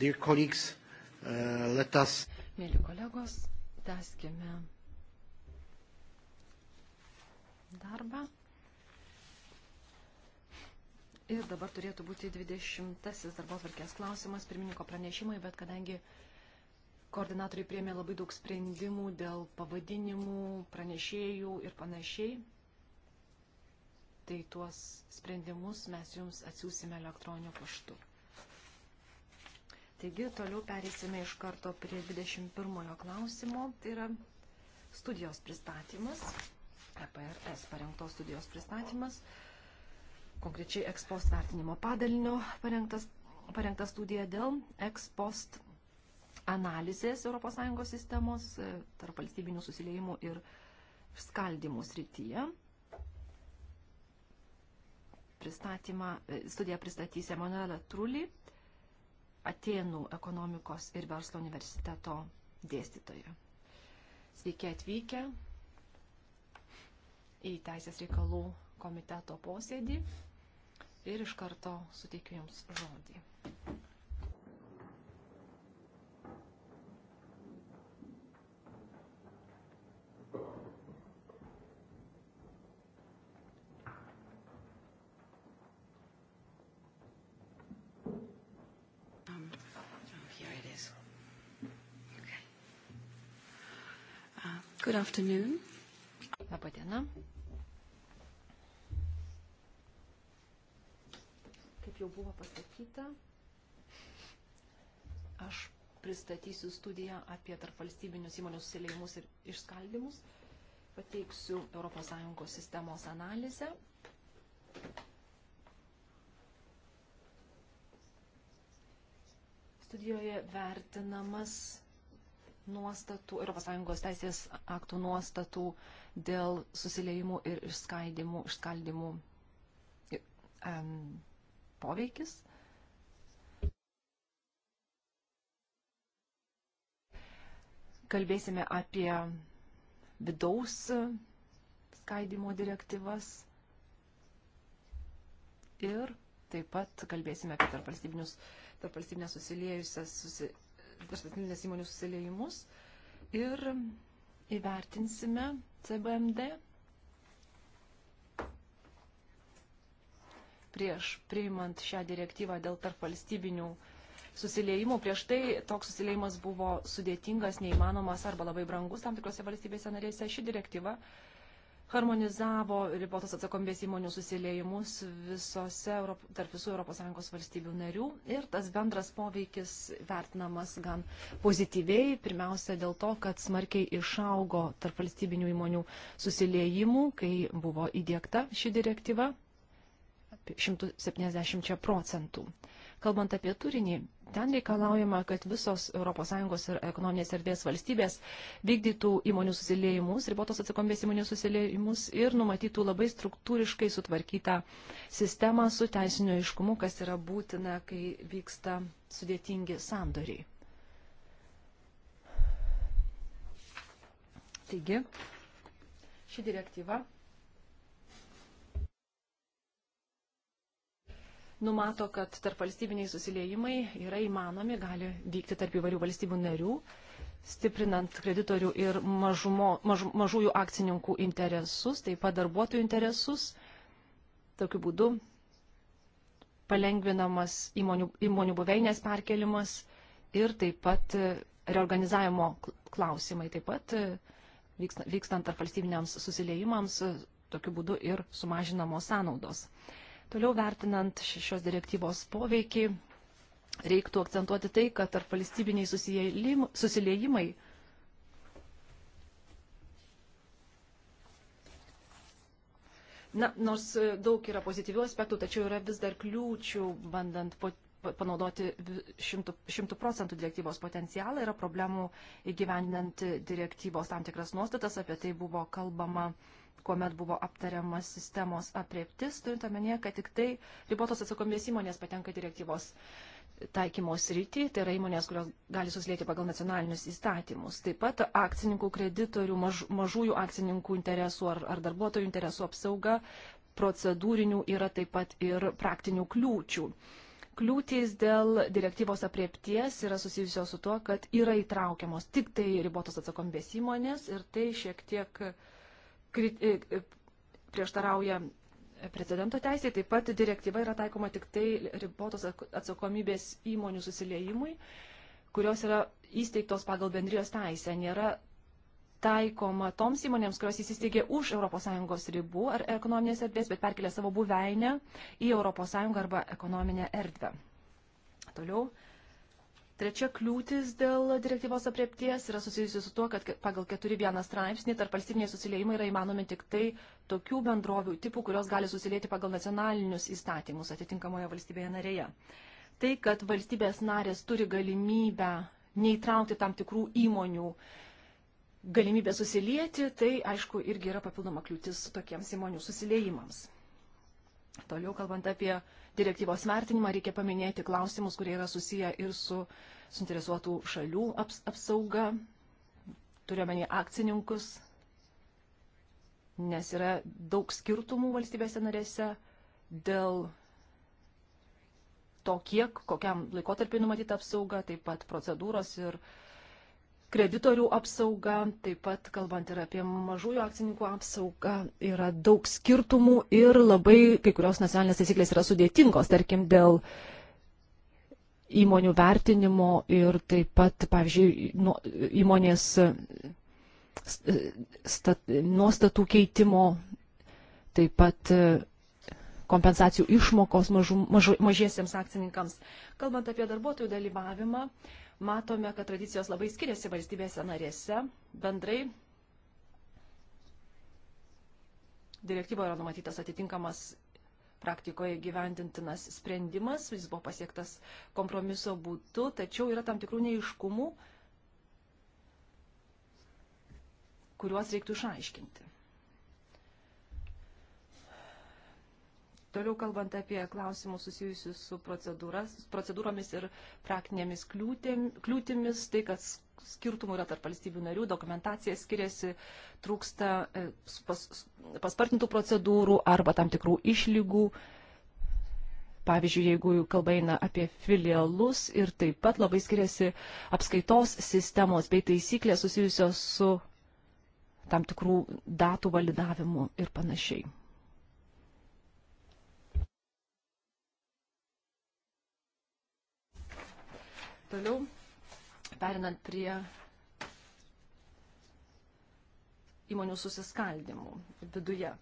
Dear colleagues, uh, let us. Mėly kolegos, tęskime darbą. Ir dabar turėtų būti 20-asis darbo atvarkės klausimas, pirmininko pranešimai, bet kadangi koordinatoriai priemė labai daug sprendimų dėl pavadinimų, pranešėjų ir panašiai, tai tuos sprendimus mes jums atsiūsime elektroniniu paštu. Taigi, toliau pereisime iš karto prie 21 klausimo. Tai yra studijos pristatymas, EPRS parengtos studijos pristatymas, konkrečiai ekspost vertinimo padalinio parengtas, parengta studija dėl ekspost analizės ES sistemos e, tarp valstybinių susiliejimų ir skaldimų srityje. Pristatymą, e, studiją pristatys Emanuela Trulį Atenų ekonomikos ir verslo universiteto dėstytoja. Sveiki atvykę į Teisės reikalų komiteto posėdį ir iš karto suteikiu Jums žodį. Good afternoon. Labą dieną. Kaip jau buvo pasakyta, aš pristatysiu studiją apie tarpvalstybinius įmonių susileimus ir išskaldimus. Pateiksiu ES sistemos analizę. Studijoje vertinamas nuostatų, ES teisės aktų nuostatų dėl susiliejimų ir išskaidimų, išskaldimų um, poveikis. Kalbėsime apie vidaus skaidimo direktyvas ir taip pat kalbėsime apie tarpvalstybinės tarp susiliejusias susiliejimus pasvetinės įmonių susiliejimus ir įvertinsime CBMD prieš priimant šią direktyvą dėl tarp valstybinių susiliejimų. Prieš tai toks susiliejimas buvo sudėtingas, neįmanomas arba labai brangus tam tikrose valstybėse narėse. Ši direktyva uh, harmonizavo ribotos atsakomybės įmonių susiliejimus visose, tarp visų ES valstybių narių ir tas bendras poveikis vertinamas gan pozityviai, pirmiausia dėl to, kad smarkiai išaugo tarp valstybinių įmonių susiliejimų, kai buvo įdėkta ši direktyva 170 procentų. Kalbant apie turinį, ten reikalaujama, kad visos ES ir ekonominės erdvės valstybės vykdytų įmonių susiliejimus, ribotos atsakomybės įmonių susiliejimus ir numatytų labai struktūriškai sutvarkytą sistemą su teisiniu aiškumu, kas yra būtina, kai vyksta sudėtingi sandoriai. Taigi, ši direktyva numato, kad tarp valstybiniai susiliejimai yra įmanomi, gali vykti tarp įvairių valstybių narių, stiprinant kreditorių ir mažumo, maž, mažųjų akcininkų interesus, taip pat darbuotojų interesus. Tokiu būdu palengvinamas įmonių, įmonių buveinės perkelimas ir taip pat reorganizavimo klausimai, taip pat vykstant tarp valstybiniams susiliejimams, tokiu būdu ir sumažinamos sąnaudos. Toliau vertinant šios direktyvos poveikį, reiktų akcentuoti tai, kad tarp valstybiniai susiliejimai Na, nors daug yra pozityvių aspektų, tačiau yra vis dar kliūčių, bandant po, panaudoti šimtų procentų direktyvos potencialą, yra problemų įgyvendinant direktyvos tam tikras nuostatas, apie tai buvo kalbama uh, kuomet buvo aptariamas sistemos apreptis, turint omenyje, kad tik tai ribotos atsakomybės įmonės patenka direktyvos taikymos rytį, tai yra įmonės, kurios gali susilėti pagal nacionalinius įstatymus. Taip pat akcininkų, kreditorių, maž, mažųjų akcininkų interesų ar, ar darbuotojų interesų apsauga procedūrinių yra taip pat ir praktinių kliūčių. Kliūtys dėl direktyvos apriepties yra susijusios su tuo, kad yra įtraukiamos tik tai ribotos atsakomybės įmonės ir tai šiek tiek uh, E, e, prieštarauja precedento teisėje, taip pat direktyva yra taikoma tik tai ribotos atsakomybės įmonių susiliejimui, kurios yra įsteigtos pagal bendrijos teisę, nėra taikoma toms įmonėms, kurios įsisteigė už ES ribų ar ekonominės erdvės, bet perkelė savo buveinę į ES arba ekonominę erdvę. Toliau Trečia kliūtis dėl direktyvos apriepties yra susijusi su tuo, kad pagal 4.1 straipsnį tarp valstybiniai susiliejimai yra įmanomi tik tai tokių bendrovių tipų, kurios gali susilieti pagal nacionalinius įstatymus atitinkamoje valstybėje narėje. Tai, kad valstybės narės turi galimybę neįtraukti tam tikrų įmonių galimybę susilieti, tai aišku irgi yra papildoma kliūtis tokiems įmonių susiliejimams. Toliau kalbant apie direktyvos vertinimą, reikia paminėti klausimus, kurie yra susiję ir su suinteresuotų šalių aps, apsauga, turiuomenį akcininkus, nes yra daug skirtumų valstybėse narėse dėl to, kiek, kokiam laikotarpiu numatyta apsauga, taip pat procedūros ir uh, kreditorių apsauga, taip pat kalbant ir apie mažųjų akcininkų apsaugą, yra daug skirtumų ir labai kai kurios nacionalinės taisyklės yra sudėtingos, tarkim, dėl įmonių vertinimo ir taip pat, pavyzdžiui, nu, įmonės stat, nuostatų keitimo, taip pat kompensacijų išmokos mažu, mažu, mažiesiems akcininkams. Kalbant apie darbuotojų dalyvavimą, uh, matome, kad tradicijos labai skiriasi valstybėse narėse. Bendrai direktyvoje yra numatytas atitinkamas praktikoje gyventintinas sprendimas, jis buvo pasiektas kompromiso būtų, tačiau yra tam tikrų neiškumų, kuriuos reiktų išaiškinti. Toliau kalbant apie klausimus susijusius su procedūromis ir praktinėmis kliūtėm, kliūtimis, tai kas skirtumų yra tarp valstybių narių, dokumentacija skiriasi, trūksta e, pas, paspartintų procedūrų arba tam tikrų išlygų. Pavyzdžiui, jeigu kalba eina apie filialus ir taip pat labai skiriasi apskaitos sistemos bei taisyklės susijusios su tam tikrų datų validavimu ir panašiai. Toliau, perinant prie įmonių susiskaldimų viduje.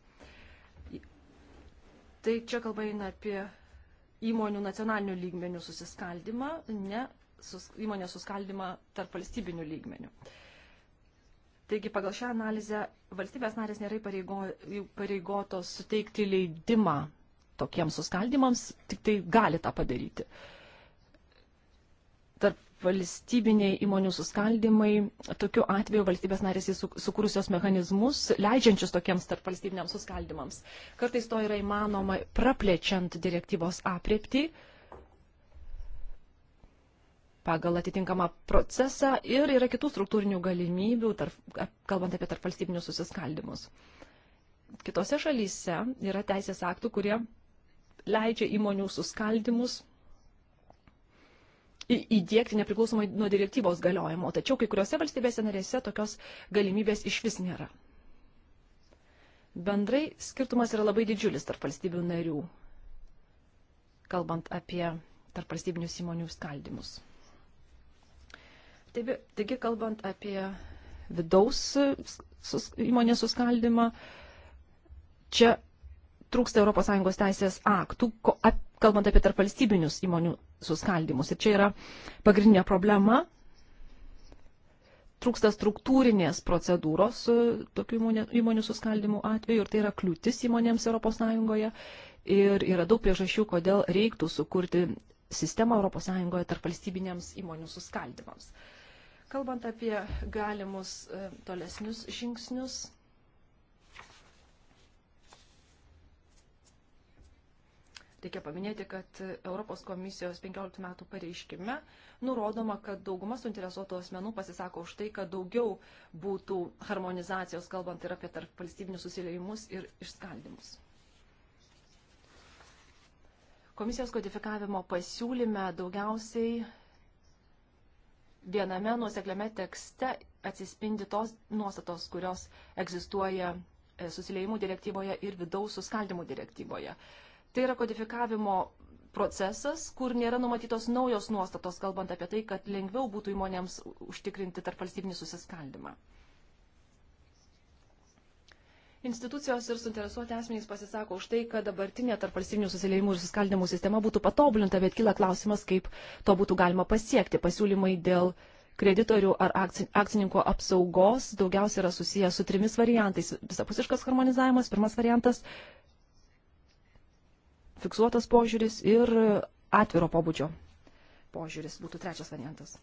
Tai čia kalba eina apie įmonių nacionalinių lygmenių susiskaldimą, ne sus, įmonės suskaldimą tarp valstybinių lygmenių. Taigi pagal šią analizę valstybės narės nėra pareigo, pareigotos suteikti leidimą tokiems suskaldimams, tik tai gali tą padaryti. Uh, tarp valstybiniai įmonių suskaldimai, tokiu atveju valstybės narės įsukūrusios mechanizmus, leidžiančius tokiems tarp valstybiniams suskaldimams. Kartais to yra įmanoma praplečiant direktyvos apriepti pagal atitinkamą procesą ir yra kitų struktūrinių galimybių, tarp, kalbant apie tarp valstybinius susiskaldimus. Kitose šalyse yra teisės aktų, kurie leidžia įmonių suskaldimus įdėkti nepriklausomai nuo direktyvos galiojimo. Tačiau kai kuriuose valstybėse narėse tokios galimybės iš vis nėra. Bendrai skirtumas yra labai didžiulis tarp valstybių narių, kalbant apie tarp valstybinius įmonių skaldimus. Taigi, taigi kalbant apie vidaus sus, įmonės suskaldimą, čia trūksta ES teisės aktų, kalbant apie tarpvalstybinius įmonių suskaldimus. Ir čia yra pagrindinė problema. Trūksta struktūrinės procedūros tokių įmonių suskaldimų atveju ir tai yra kliūtis įmonėms ES. Ir yra daug priežasčių, kodėl reiktų sukurti sistemą ES tarpvalstybinėms įmonių suskaldimams. Kalbant apie galimus e, tolesnius žingsnius, Reikia paminėti, kad Europos komisijos 15 metų pareiškime nurodoma, kad dauguma suinteresuotų asmenų pasisako už tai, kad daugiau būtų harmonizacijos, kalbant ir apie tarp valstybinius susileimus ir išskaldimus. Komisijos kodifikavimo pasiūlyme daugiausiai viename nuosekliame tekste atsispindi tos nuostatos, kurios egzistuoja e, susileimų direktyvoje ir vidaus suskaldimų direktyvoje. Uh, Tai yra kodifikavimo procesas, kur nėra numatytos naujos nuostatos, kalbant apie tai, kad lengviau būtų įmonėms užtikrinti tarp valstybinį susiskaldimą. Institucijos ir suinteresuoti asmenys pasisako už tai, kad dabartinė tarp valstybinių susileimų ir susiskaldimų sistema būtų patobulinta, bet kyla klausimas, kaip to būtų galima pasiekti. Pasiūlymai dėl kreditorių ar akcininko apsaugos daugiausia yra susijęs su trimis variantais. Visapusiškas harmonizavimas, pirmas variantas fiksuotas požiūris ir atviro pobūdžio požiūris būtų trečias variantas.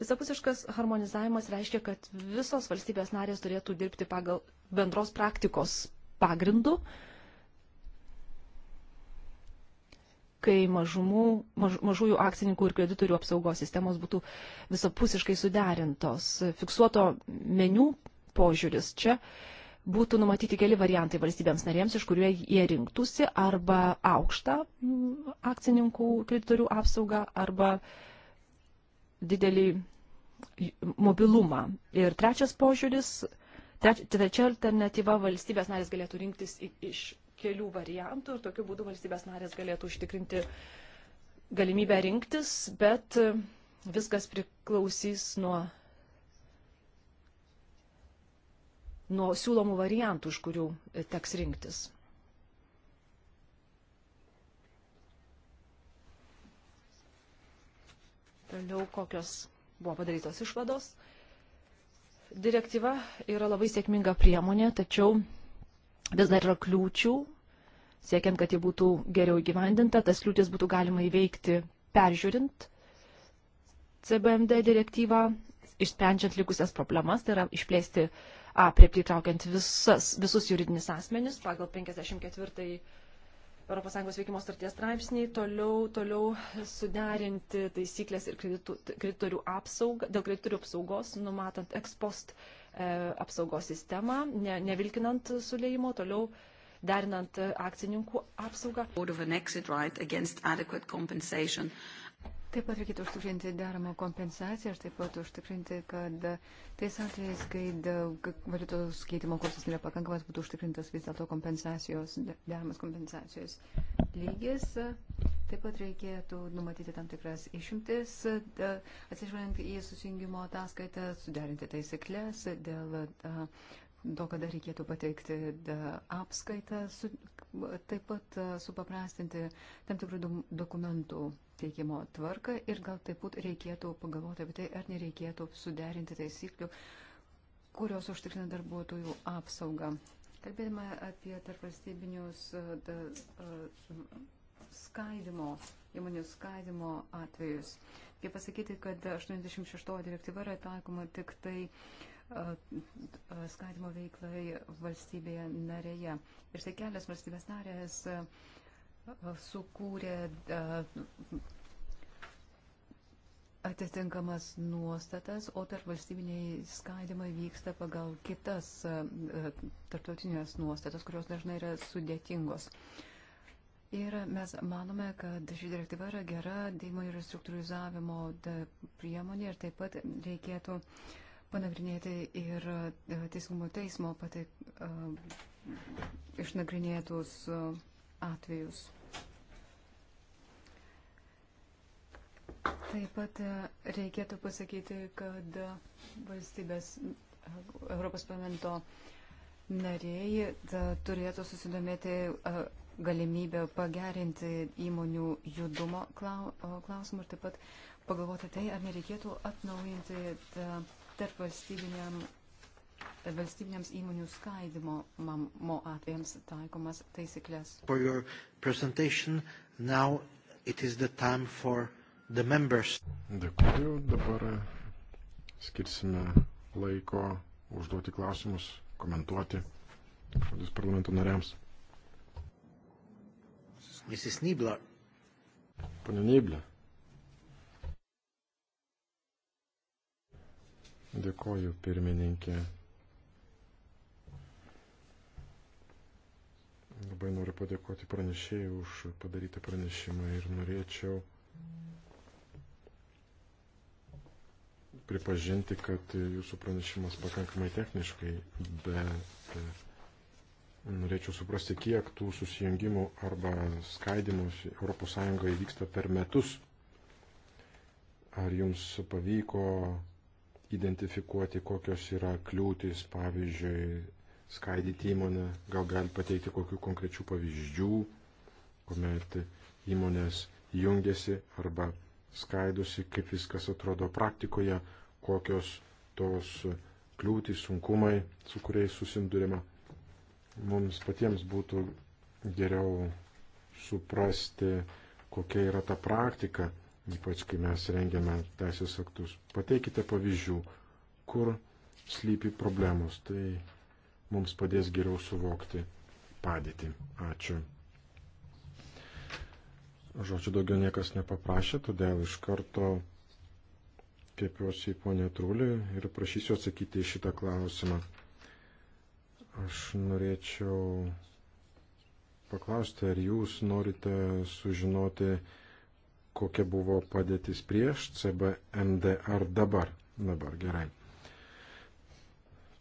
Visapusiškas harmonizavimas reiškia, kad visos valstybės narės turėtų dirbti pagal bendros praktikos pagrindų, kai mažumų, maž, mažųjų akcininkų ir kreditorių apsaugos sistemos būtų visapusiškai suderintos. Fiksuoto meniu požiūris čia uh, būtų numatyti keli variantai valstybėms narėms, iš kurių jie rinktųsi arba aukštą mm, akcininkų kreditorių apsaugą arba didelį mobilumą. Ir trečias požiūris, trečia alternatyva valstybės narės galėtų rinktis iš kelių variantų ir tokiu būdu valstybės narės galėtų užtikrinti galimybę rinktis, bet viskas priklausys nuo nuo siūlomų variantų, iš kurių e, teks rinktis. Toliau kokios buvo padarytos išvados. Direktyva yra labai sėkminga priemonė, tačiau vis dar yra kliūčių, siekiant, kad ji būtų geriau įgyvendinta, tas kliūtis būtų galima įveikti peržiūrint CBMD direktyvą, išsprendžiant likusias problemas, tai yra išplėsti apriepti įtraukiant visas, visus juridinis asmenis pagal 54 ES veikimo starties straipsnį, toliau, toliau suderinti taisyklės ir kreditų, kreditorių apsaugą, dėl kreditorių apsaugos, numatant ekspost e, apsaugos sistemą, ne, nevilkinant sulėjimo, toliau derinant e, akcininkų apsaugą. Taip pat reikėtų užtikrinti deramą kompensaciją ir taip pat užtikrinti, kad tais atvejais, kai valiutos keitimo kursas nėra pakankamas, būtų užtikrintas vis dėlto kompensacijos, deramas kompensacijos lygis. Taip pat reikėtų numatyti tam tikras išimtis, atsižvelgiant į susijungimo ataskaitą, suderinti taisyklės dėl to, kada reikėtų pateikti apskaitą, su, taip pat supaprastinti tam tikrų dokumentų teikimo tvarką ir gal taip pat reikėtų pagalvoti apie tai, ar nereikėtų suderinti taisyklių, kurios užtikrina darbuotojų apsaugą. Kalbėdama apie tarpvalstybinius skaidimo, įmonių skaidimo atvejus. Kaip pasakyti, kad 86 direktyva yra taikoma tik tai uh, skatimo veiklai valstybėje narėje. Ir tai kelias valstybės narės sukūrė atitinkamas nuostatas, o tarp valstybiniai skaidimai vyksta pagal kitas tarptautinės nuostatas, kurios dažnai yra sudėtingos. Ir mes manome, kad ši direktyva yra gera, dėjimo ir struktūrizavimo priemonė ir taip pat reikėtų uh, panagrinėti ir e, Teisingumo teismo pateik, išnagrinėtus e, atvejus. Taip pat e, reikėtų pasakyti, kad valstybės Europos parlamento nariai turėtų susidomėti galimybę pagerinti įmonių judumo klausimą ir taip pat pagalvoti tai, ar nereikėtų atnaujinti. Ta, tarp valstybiniam valstybiniams įmonių skaidimo mo atvejams taikomas taisyklės. Dėkuoju, dabar skirsime laiko užduoti klausimus, komentuoti žodis parlamento nariams. Mrs. Nibler. Pane Nibler. Dėkoju, pirmininkė. Labai noriu padėkoti pranešėjai už padarytą pranešimą ir norėčiau pripažinti, kad jūsų pranešimas pakankamai techniškai, bet e, norėčiau suprasti, kiek tų susijungimų arba skaidimų ES vyksta per metus. Ar jums pavyko identifikuoti, kokios yra kliūtis, pavyzdžiui, skaidyti įmonę, gal gali pateikti kokių konkrečių pavyzdžių, kuomet įmonės jungiasi arba skaidusi, kaip viskas atrodo praktikoje, kokios tos kliūtis, sunkumai, su kuriais susidurima. Mums patiems būtų geriau suprasti, kokia yra ta praktika, ypač kai mes rengiame teisės aktus. Pateikite pavyzdžių, kur slypi problemos, tai mums padės geriau suvokti padėtį. Ačiū. Žodžiu, daugiau niekas nepaprašė, todėl iš karto kreipiuosi į ponę Trulį ir prašysiu atsakyti į šitą klausimą. Aš norėčiau paklausti, ar jūs norite sužinoti, kokia buvo padėtis prieš CBMD ar dabar. Dabar gerai.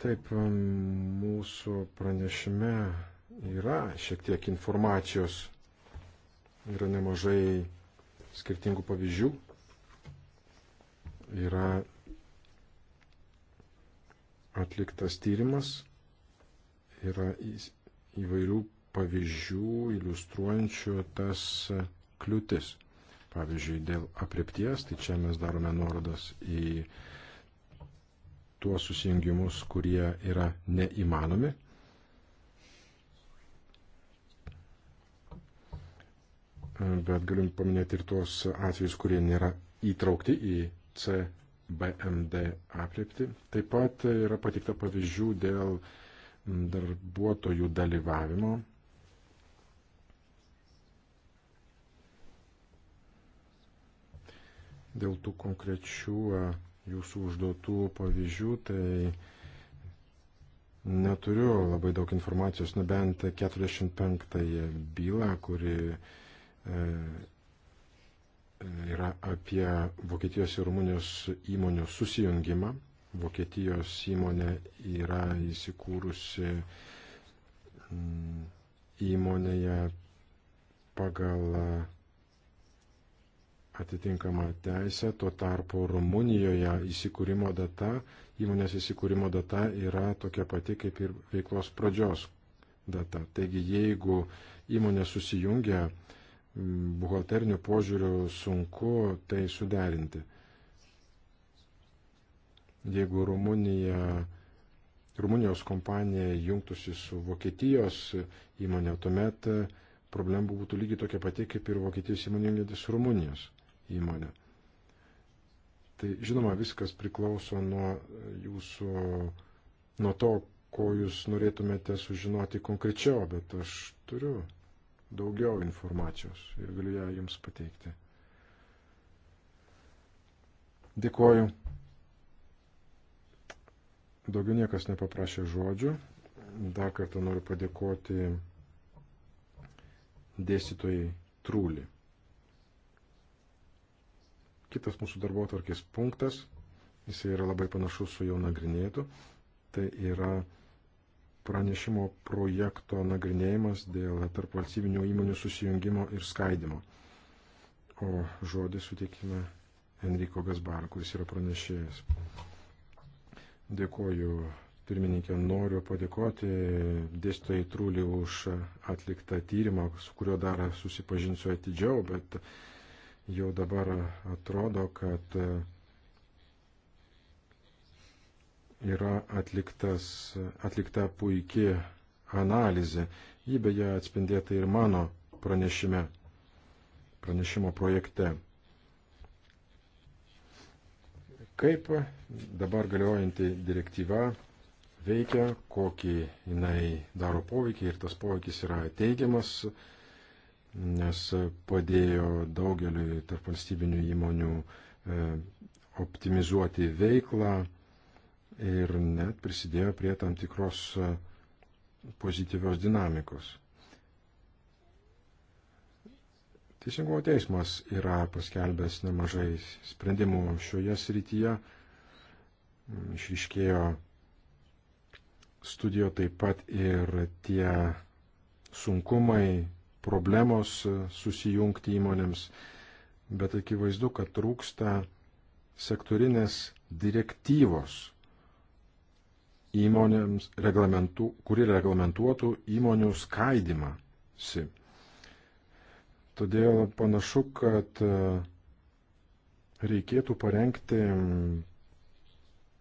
Taip, mūsų pranešime yra šiek tiek informacijos, yra nemažai skirtingų pavyzdžių, yra atliktas tyrimas, yra įvairių pavyzdžių iliustruojančių tas kliūtis. Pavyzdžiui, dėl apriepties, tai čia mes darome nuorodas į tuos susijungimus, kurie yra neįmanomi. Bet galim paminėti ir tuos atvejus, kurie nėra įtraukti į CBMD apriepti. Taip pat yra patikta pavyzdžių dėl darbuotojų dalyvavimo Dėl tų konkrečių e, jūsų užduotų pavyzdžių, tai neturiu labai daug informacijos, nu bent 45 bylą, kuri e, yra apie Vokietijos ir Rumunijos įmonių susijungimą. Vokietijos įmonė yra įsikūrusi įmonėje pagal atitinkamą teisę, tuo tarpu Rumunijoje įsikūrimo data, įmonės įsikūrimo data yra tokia pati kaip ir veiklos pradžios data. Taigi jeigu įmonė susijungia, buhalterinių požiūrių sunku tai suderinti. Jeigu Rumunija, Rumunijos kompanija jungtųsi su Vokietijos įmonė, tuomet e, problema būtų lygiai tokia pati, kaip ir Vokietijos įmonė jungiantis Rumunijos įmonę. Tai žinoma, viskas priklauso nuo jūsų, nuo to, ko jūs norėtumėte sužinoti konkrečiau, bet aš turiu daugiau informacijos ir galiu ją jums pateikti. Dėkuoju. Daugiau niekas nepaprašė žodžių. Dar kartą noriu padėkoti dėstytojai Trūlį. Kitas mūsų darbo atvarkės punktas, jis yra labai panašus su jau nagrinėtu, tai yra pranešimo projekto nagrinėjimas dėl tarp valstybinio įmonių susijungimo ir skaidimo. O žodį suteikime Enriko Gasbar, kuris yra pranešėjas. Dėkoju pirmininkė, noriu padėkoti dėstytojai Trūlį už atliktą tyrimą, su kuriuo dar susipažinsiu atidžiau, bet jau dabar atrodo, kad e, yra atliktas, atlikta puikia analizė. Ji beje atspindėta ir mano pranešime, pranešimo projekte. Kaip dabar galiojanti direktyva veikia, kokį jinai daro poveikį ir tas poveikis yra teigiamas nes padėjo daugeliu tarp valstybinių įmonių e, optimizuoti veiklą ir net prisidėjo prie tam tikros e, pozityvios dinamikos. Teisingumo teismas yra paskelbęs nemažai sprendimų šioje srityje. Mm, Išriškėjo studijo taip pat ir tie sunkumai, problemos e, susijungti įmonėms, bet akivaizdu, kad trūksta sektorinės direktyvos įmonėms, reglamentu, kuri reglamentuotų įmonių skaidimą. Si. Todėl panašu, kad e, reikėtų parengti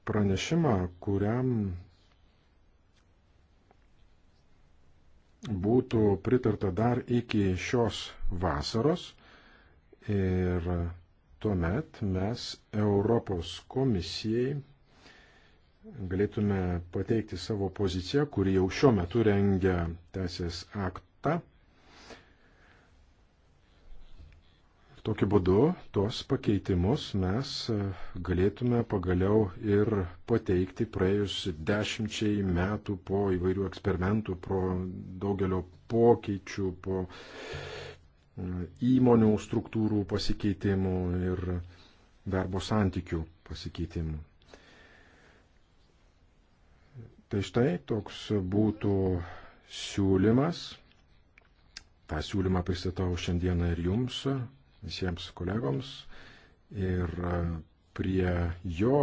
pranešimą, kuriam būtų pritarta dar iki šios vasaros ir tuomet mes Europos komisijai galėtume pateikti savo poziciją, kuri jau šiuo metu rengia teisės aktą Tokiu būdu tuos pakeitimus mes e, galėtume pagaliau ir pateikti praėjus dešimčiai metų po įvairių eksperimentų, po daugelio pokyčių, po e, įmonių struktūrų pasikeitimų ir darbo santykių pasikeitimų. Tai štai toks būtų siūlymas. Ta siūlyma pristatau šiandieną ir jums, visiems kolegoms ir e, prie jo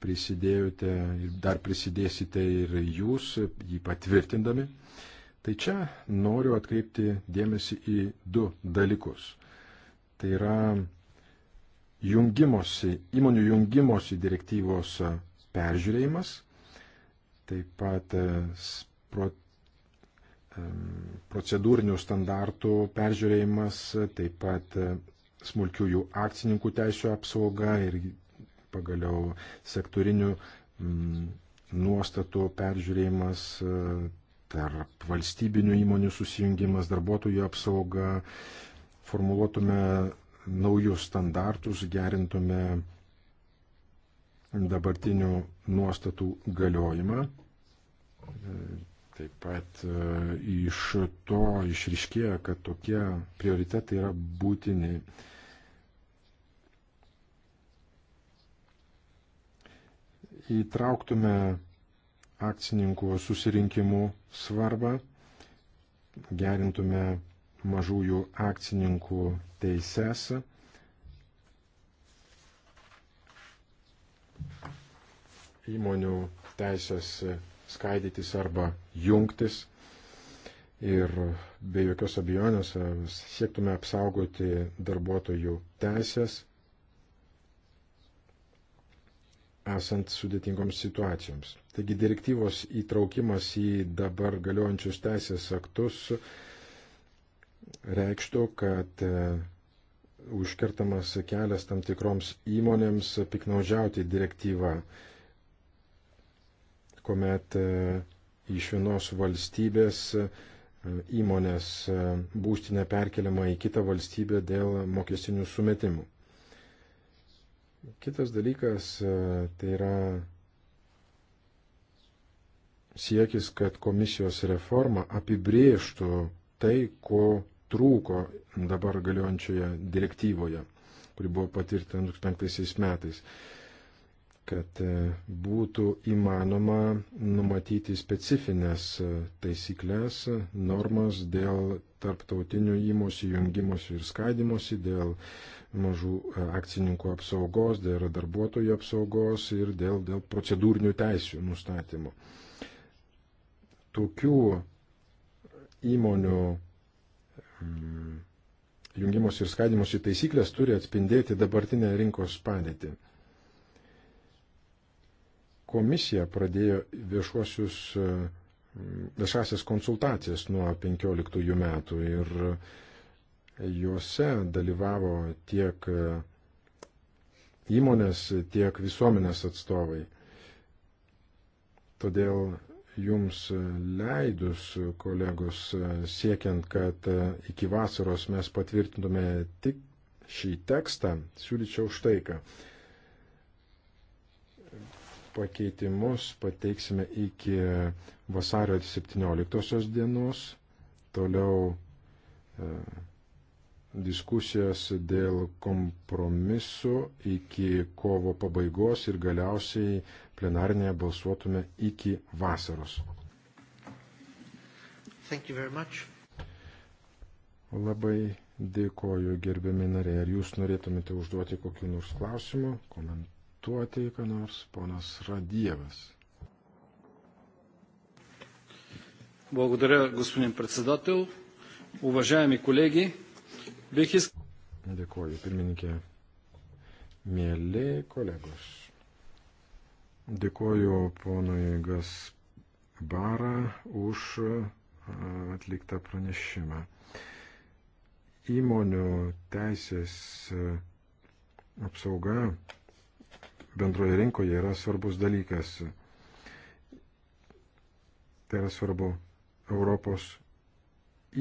prisidėjote ir dar prisidėsite ir jūs jį patvirtindami. Tai čia noriu atkreipti dėmesį į du dalykus. Tai yra jungimosi, įmonių jungimosi direktyvos peržiūrėjimas, taip pat e, procedūrinių standartų peržiūrėjimas, taip pat e, smulkiųjų akcininkų teisų apsauga ir pagaliau sektorinių mm, nuostatų peržiūrėjimas, e, tarp valstybinių įmonių susijungimas, darbuotojų apsauga, formuluotume naujus standartus, gerintume dabartinių nuostatų galiojimą, e, Taip pat e, iš to išriškėja, kad tokie prioritetai yra būtini. Įtrauktume akcininkų susirinkimų svarbą, gerintume mažųjų akcininkų teises. Įmonių teisės skaidytis arba jungtis. Ir be jokios abejonės e, siektume apsaugoti darbuotojų teisės esant sudėtingoms situacijoms. Taigi direktyvos įtraukimas į dabar galiojančius teisės aktus reikštų, kad e, užkirtamas kelias tam tikroms įmonėms piknaudžiauti direktyvą kuomet e, iš vienos valstybės e, įmonės e, būstinė perkeliama į kitą valstybę dėl mokestinių sumetimų. Kitas dalykas tai yra siekis, kad komisijos reforma apibrėžtų tai, ko trūko dabar galiojančioje direktyvoje, kuri buvo patirta 2005 metais kad e, būtų įmanoma numatyti specifines e, taisyklės, normas dėl tarptautinių įmosių jungimosi ir skaidimosi, dėl mažų e, akcininkų apsaugos, dėl darbuotojų apsaugos ir dėl, dėl procedūrinių teisių nustatymo. Tokių įmonių mm, jungimosi ir skaidimosi taisyklės turi atspindėti dabartinę rinkos padėtį komisija pradėjo viešuosius, e, viešasias konsultacijas nuo 15 metų ir juose dalyvavo tiek e, įmonės, tiek visuomenės atstovai. Todėl jums leidus, kolegos, siekiant, kad e, iki vasaros mes patvirtintume tik šį tekstą, siūlyčiau štai ką. Pakeitimus pateiksime iki vasario 17 dienos. Toliau e, diskusijas dėl kompromisu iki kovo pabaigos ir galiausiai plenarnėje balsuotume iki vasaros. Labai dėkoju gerbiami nariai. Ar jūs norėtumėte užduoti kokiu nors klausimu, komentu? pakomentuoti, ką nors ponas Radievas. Благодаря, господин председател. Уважаеми колеги, бих искал. Dėkuoju, pirmininkė. Mėly kolegos. Dėkuoju ponui Gasbarą už atliktą pranešimą. Įmonių teisės apsauga bendroje rinkoje yra svarbus dalykas. Tai yra svarbu Europos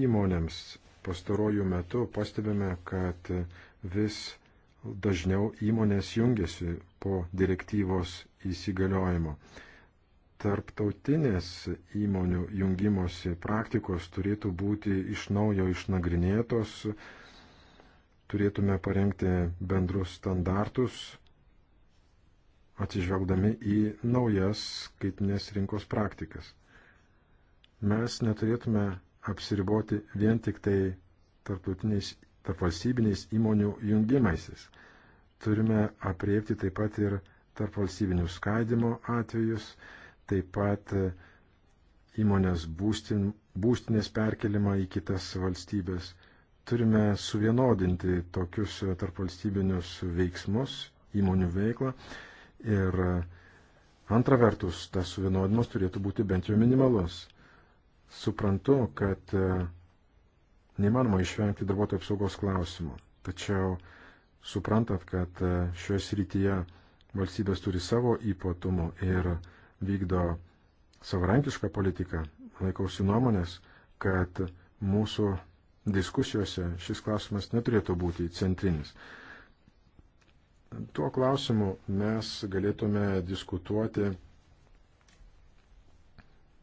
įmonėms. Pastarojų metų pastebime, kad vis dažniau įmonės jungiasi po direktyvos įsigaliojimo. Tarptautinės įmonių jungimosi praktikos turėtų būti iš naujo išnagrinėtos, turėtume parengti bendrus standartus atsižvelgdami į naujas skaitinės rinkos praktikas. Mes neturėtume apsiriboti vien tik tai tarptautiniais, tarpvalstybiniais įmonių jungimaisis. Turime apriepti taip pat ir tarpvalstybinių skaidimo atvejus, taip pat e, įmonės būstin, būstinės perkelimą į kitas valstybės. Turime suvienodinti tokius e, tarpvalstybinius veiksmus, įmonių veiklą, Ir e, antra vertus, tas suvienodimas turėtų būti bent jau minimalus. Suprantu, kad e, neįmanoma išvengti darbuotojų apsaugos klausimų. Tačiau suprantat, kad e, šioje srityje valstybės turi savo ypatumų ir vykdo savarankišką politiką, laikausi nuomonės, kad mūsų diskusijose šis klausimas neturėtų būti centrinis. Tuo klausimu mes galėtume diskutuoti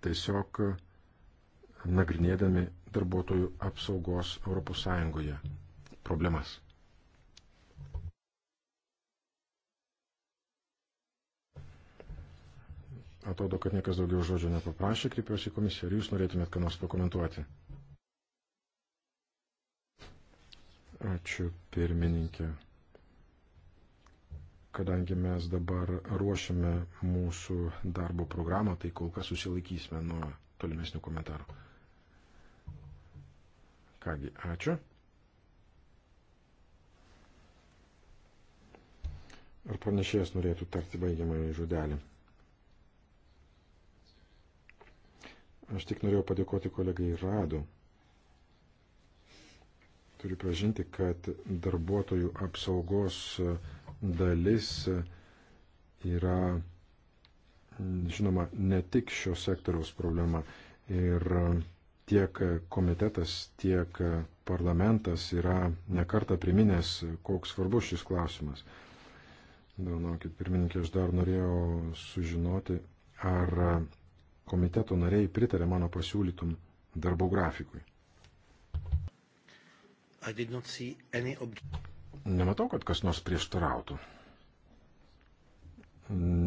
tiesiog nagrinėdami darbuotojų apsaugos ES problemas. Atrodo, kad niekas daugiau žodžio nepaprašė, kreipiuosi į komisiją. Ar jūs norėtumėt ką nors pakomentuoti? Ačiū, pirmininkė kadangi mes dabar ruošiame mūsų darbo programą, tai kol kas susilaikysime nuo tolimesnių komentarų. Kągi, ačiū. Ar pranešėjas norėtų tarti baigiamąjį žodelį? Aš tik norėjau padėkoti kolegai Radu. Turiu pražinti, kad darbuotojų apsaugos uh, dalis yra, žinoma, ne tik šio sektoriaus problema. Ir tiek komitetas, tiek parlamentas yra nekarta priminęs, koks svarbus šis klausimas. Daunokit, pirmininkė, aš dar norėjau sužinoti, ar komiteto nariai pritarė mano pasiūlytum darbų grafikui. Nematau, kad kas nors prieštarautų.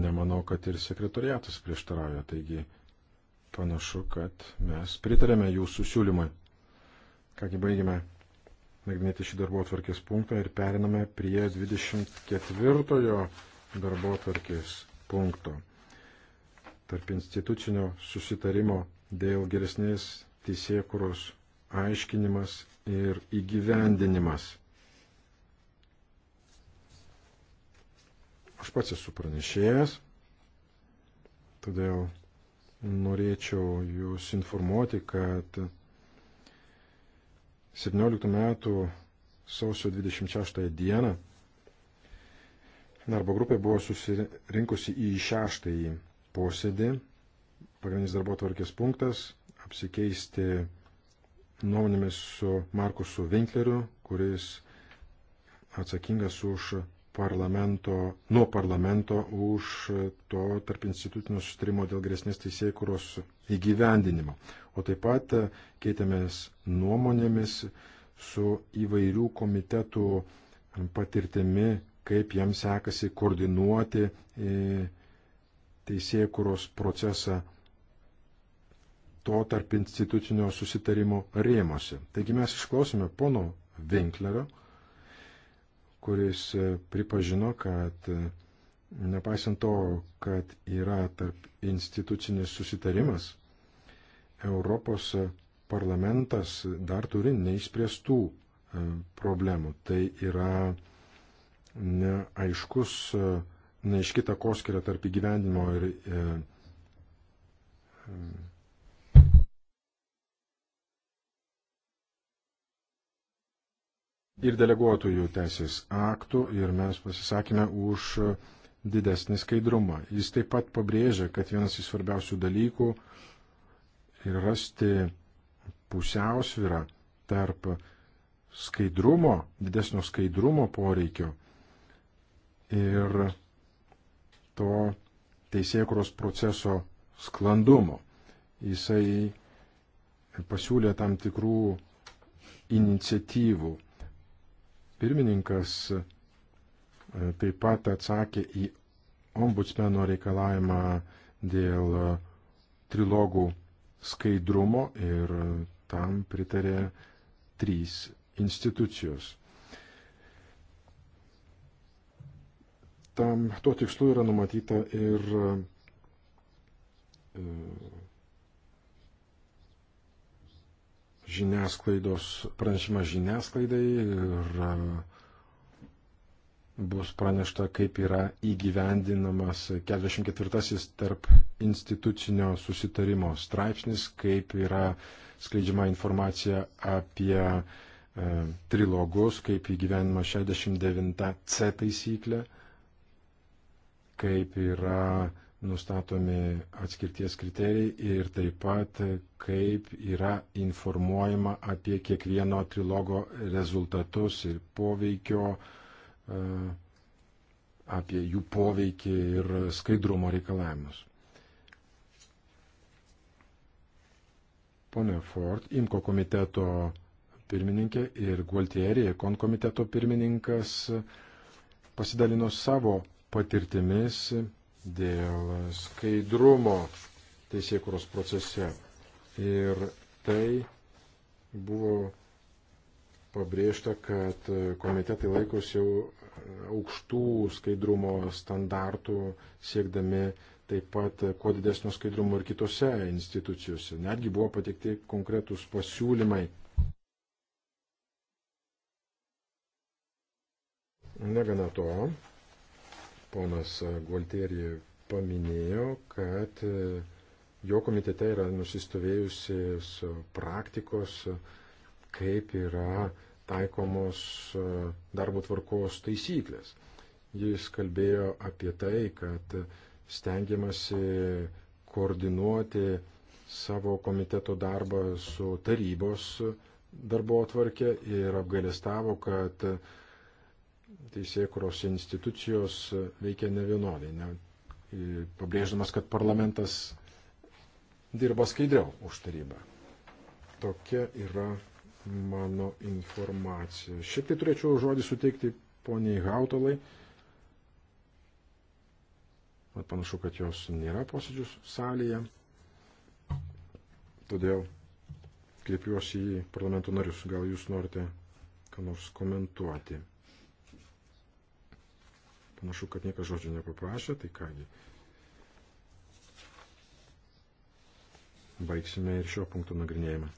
Nemanau, kad ir sekretoriatas prieštarauja, taigi panašu, kad mes pritarėme jūsų siūlymui. Kągi baigime nagrinėti šį darbo atvarkės punktą ir periname prie 24 darbo atvarkės punkto. Tarp institucinio susitarimo dėl geresnės teisėkuros aiškinimas ir įgyvendinimas. Aš pats esu pranešėjas, todėl norėčiau jūs informuoti, kad 17 metų sausio 26 dieną darbo grupė buvo susirinkusi į šeštąjį posėdį, pagrindinis darbo tvarkės punktas, apsikeisti nuomonėmis su Markusu Winkleriu, kuris atsakingas už parlamento, nuo parlamento už to tarp institutinio sustarimo dėl grėsmės teisėjų kuros įgyvendinimo. O taip pat keitėmės nuomonėmis su įvairių komitetų patirtimi, kaip jiems sekasi koordinuoti e, teisėjų kuros procesą to tarp institucinio susitarimo rėmose. Taigi mes išklausime pono Winklerio, kuris e, pripažino, kad e, nepaisant to, kad yra tarp institucinis susitarimas, Europos parlamentas dar turi neišspręstų e, problemų. Tai yra neaiškus, neaiškita koskiria tarp įgyvendimo ir ir deleguotojų teisės aktų ir mes pasisakėme už didesnį skaidrumą. Jis taip pat pabrėžia, kad vienas iš svarbiausių dalykų yra rasti pusiausvyrą tarp skaidrumo, didesnio skaidrumo poreikio ir to teisėkuros proceso sklandumo. Jisai pasiūlė tam tikrų iniciatyvų Pirmininkas e, taip pat atsakė į ombudsmeno reikalavimą dėl e, trilogų skaidrumo ir e, tam pritarė trys institucijos. Tam tuo tikslu yra numatyta ir žiniasklaidos pranešimas žiniasklaidai ir e, bus pranešta, kaip yra įgyvendinamas 44-asis tarp institucinio susitarimo straipsnis, kaip yra skleidžiama informacija apie e, trilogus, kaip įgyvendinama 69C taisyklė, kaip yra nustatomi atskirties kriterijai ir taip pat kaip yra informuojama apie kiekvieno trilogo rezultatus ir poveikio, e, apie jų poveikį ir skaidrumo reikalavimus. Pone Ford, Imko komiteto pirmininkė ir Gualtieri, Ekon komiteto pirmininkas pasidalino savo patirtimis dėl skaidrumo teisėkuros procese. Ir tai buvo pabrėžta, kad komitetai laikosi jau aukštų skaidrumo standartų, siekdami taip pat kuo didesnio skaidrumo ir kitose institucijose. Netgi buvo pateikti konkretūs pasiūlymai. Negana to, Ponas Gualterija paminėjo, kad e, jo komitete yra nusistovėjusios praktikos, kaip yra taikomos e, darbo tvarkos taisyklės. Jis kalbėjo apie tai, kad stengiamasi koordinuoti savo komiteto darbą su tarybos darbo atvarkė ir apgailestavo, kad teisėkuros institucijos veikia nevienodai, ne, pabrėždamas, kad parlamentas dirba skaidriau už tarybą. Tokia yra mano informacija. Šiaip tai turėčiau žodį suteikti poniai Gautolai. Bet panašu, kad jos nėra posėdžių salėje. Todėl kreipiuosi į parlamento narius. Gal jūs norite ką nors komentuoti? Panašu, kad niekas žodžio nepaprašė, tai kągi. Baigsime ir šio punkto nagrinėjimą.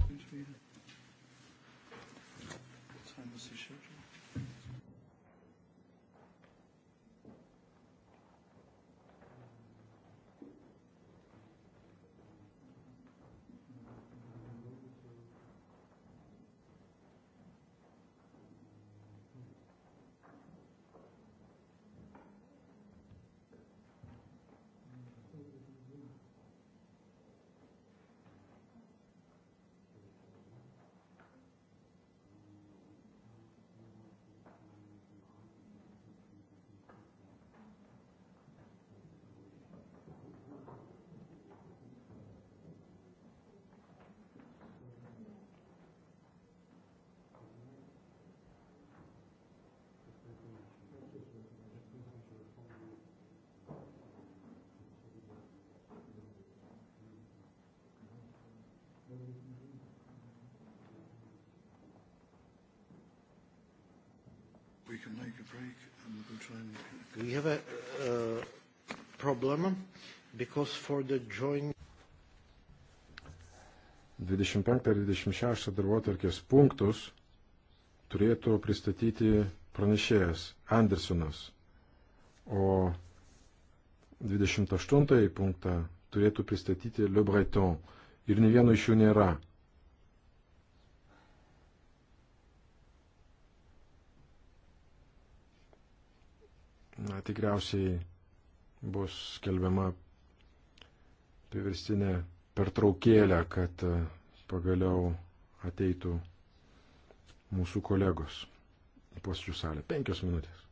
Thank you. we can make a break and we'll try and... We have a uh, problem because for the joint... 25 ir 26 darbuotvarkės punktus turėtų pristatyti pranešėjas Andersonas, o 28 punktą turėtų pristatyti Le Breton ir ne vieno iš jų nėra. tikriausiai bus skelbiama priverstinė pertraukėlė, kad e, pagaliau ateitų mūsų kolegos į posėdžių salę. Penkios minutės.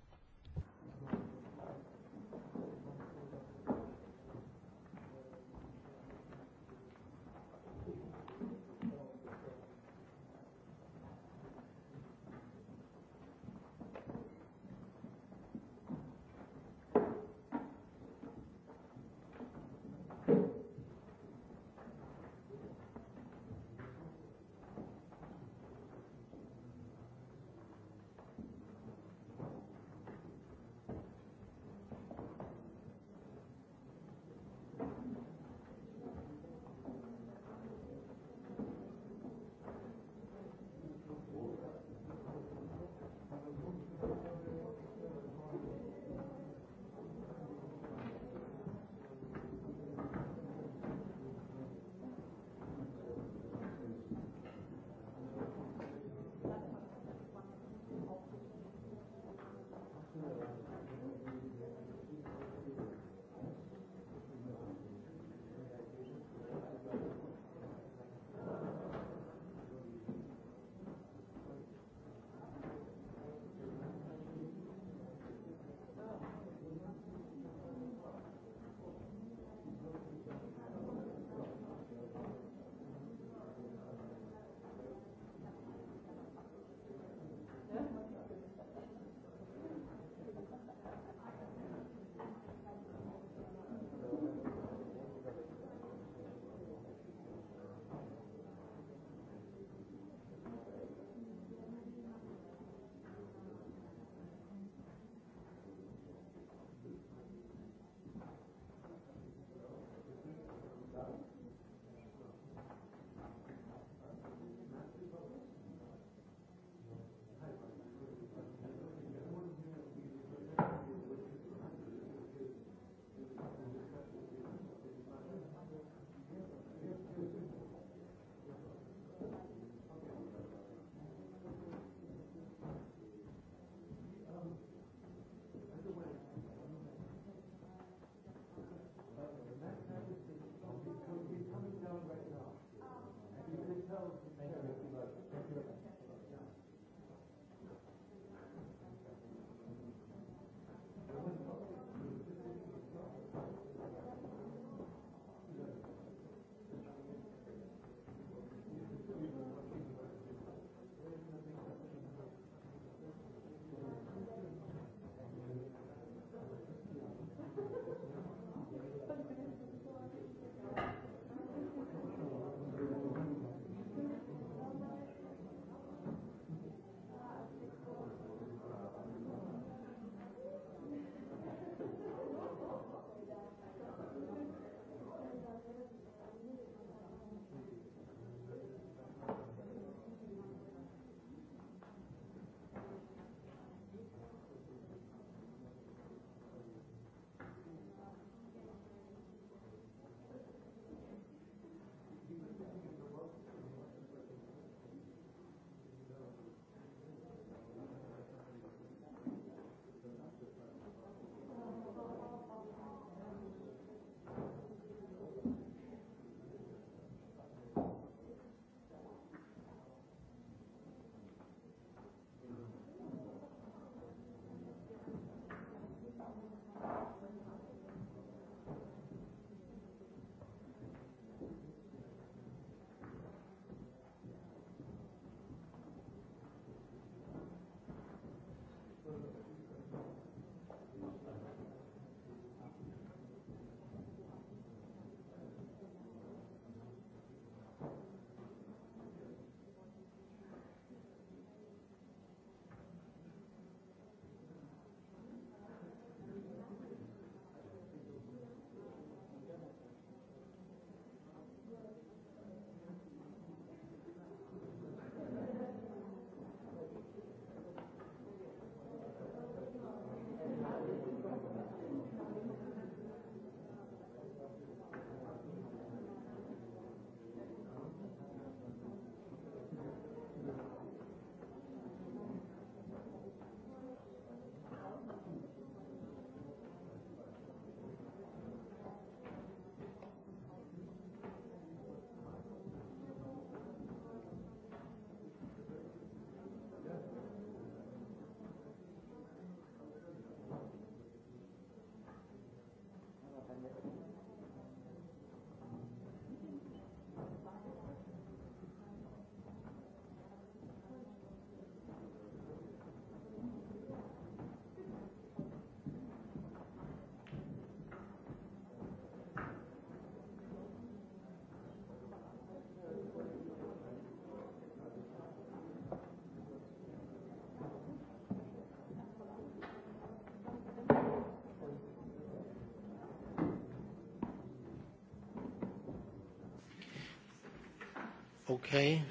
Okay.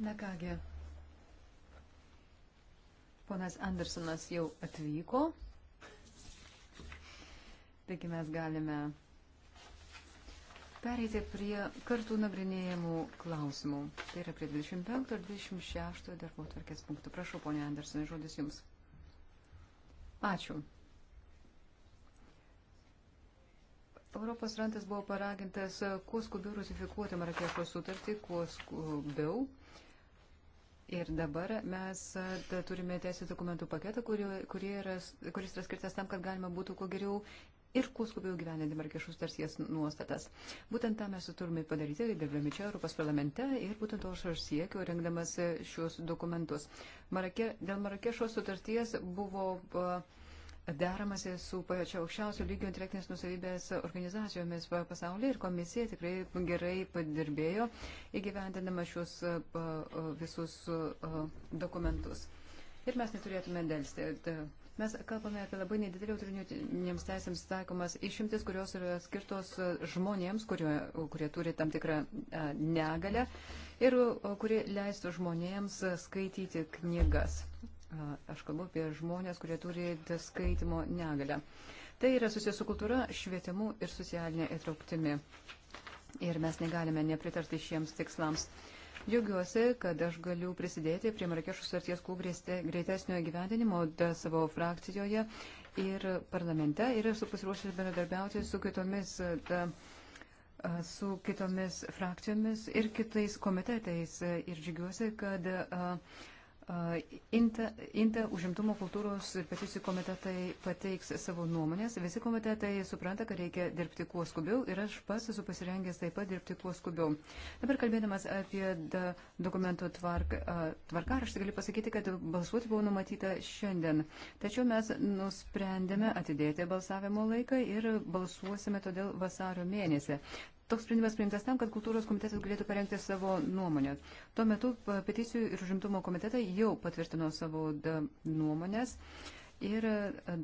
Na kągi, ponas Andersonas jau atvyko, taigi mes galime pereiti prie kartų nagrinėjimų klausimų. Tai yra prie 25 ir 26 darbo tvarkės punktų. Prašau, ponė Andersonai, žodis jums. Ačiū. Europos rantas buvo paragintas e, kuo skubiau ratifikuoti Marakešo sutartį, kuo skubiau. Ir dabar mes e, turime teisės dokumentų paketą, kuri, kuri yra, kuris yra skirtas tam, kad galima būtų kuo geriau ir kuo skubiau gyveninti Markešų sutarties nuostatas. Būtent tą mes turime padaryti, dirbdami čia Europos parlamente ir būtent to aš ir siekiu, rengdamas e, šios dokumentus. Marake, dėl Marakešo sutarties buvo. Uh, deramasi su pačio aukščiausio lygio intelektinės nusavybės organizacijomis pasaulyje ir komisija tikrai gerai padirbėjo įgyvendinama šios visus dokumentus. Ir mes neturėtume dėlsti. Mes kalbame apie labai nedidelį autorinėms teisėms taikomas išimtis, kurios yra skirtos žmonėms, kurie, kurie turi tam tikrą negalę ir kurie leistų žmonėms skaityti knygas. Aš kalbu apie žmonės, kurie turi skaitimo negalę. Tai yra susijęs su kultūra, švietimu ir socialinė įtrauktimi. Ir mes negalime nepritarti šiems tikslams. Džiaugiuosi, kad aš galiu prisidėti prie Marakešų sarties klubų greitesnio įgyvendinimo savo frakcijoje ir parlamente ir esu pasiruošęs bendradarbiauti su kitomis, da, su kitomis frakcijomis ir kitais komitetais. Ir džiaugiuosi, kad a, Inta, Inta užimtumo kultūros ir peticijų komitetai pateiks savo nuomonės. Visi komitetai supranta, kad reikia dirbti kuo skubiau ir aš pas esu pasirengęs taip pat dirbti kuo skubiau. Dabar kalbėdamas apie dokumentų tvark, tvarkaraštį, galiu pasakyti, kad balsuoti buvo numatyta šiandien. Tačiau mes nusprendėme atidėti balsavimo laiką ir balsuosime todėl vasario mėnesį. Toks sprendimas priimtas tam, kad kultūros komitetas galėtų parengti savo nuomonę. Tuo metu peticijų ir užimtumo komitetai jau patvirtino savo nuomonės. Ir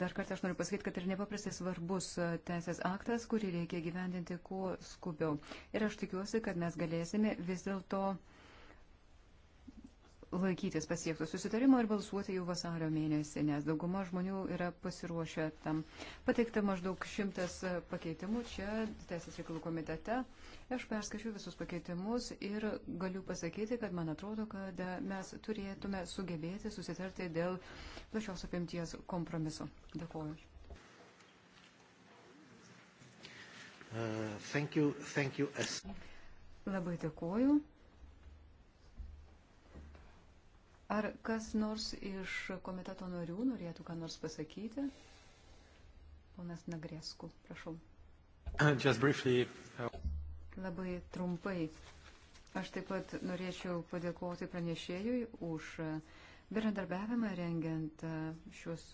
dar kartą aš noriu pasakyti, kad tai yra nepaprastai svarbus teisės aktas, kurį reikia gyvendinti kuo skubiau. Ir aš tikiuosi, kad mes galėsime vis dėlto uh, laikytis pasiektų susitarimo ir balsuoti jau vasario mėnesį, nes dauguma žmonių yra pasiruošę tam. Pateikta maždaug šimtas e, pakeitimų čia, Teisės reikalų komitete. Aš perskaičiu visus pakeitimus ir galiu pasakyti, kad man atrodo, kad mes turėtume sugebėti susitarti dėl plačios apimties kompromiso. Dėkuoju. Uh, thank you, thank you. Labai dėkuoju. Ar kas nors iš komiteto norių norėtų ką nors pasakyti? Ponas Nagresku, prašau. Uh, briefly, uh... Labai trumpai. Aš taip pat norėčiau padėkoti pranešėjui už uh, bendradarbiavimą rengiant uh, šios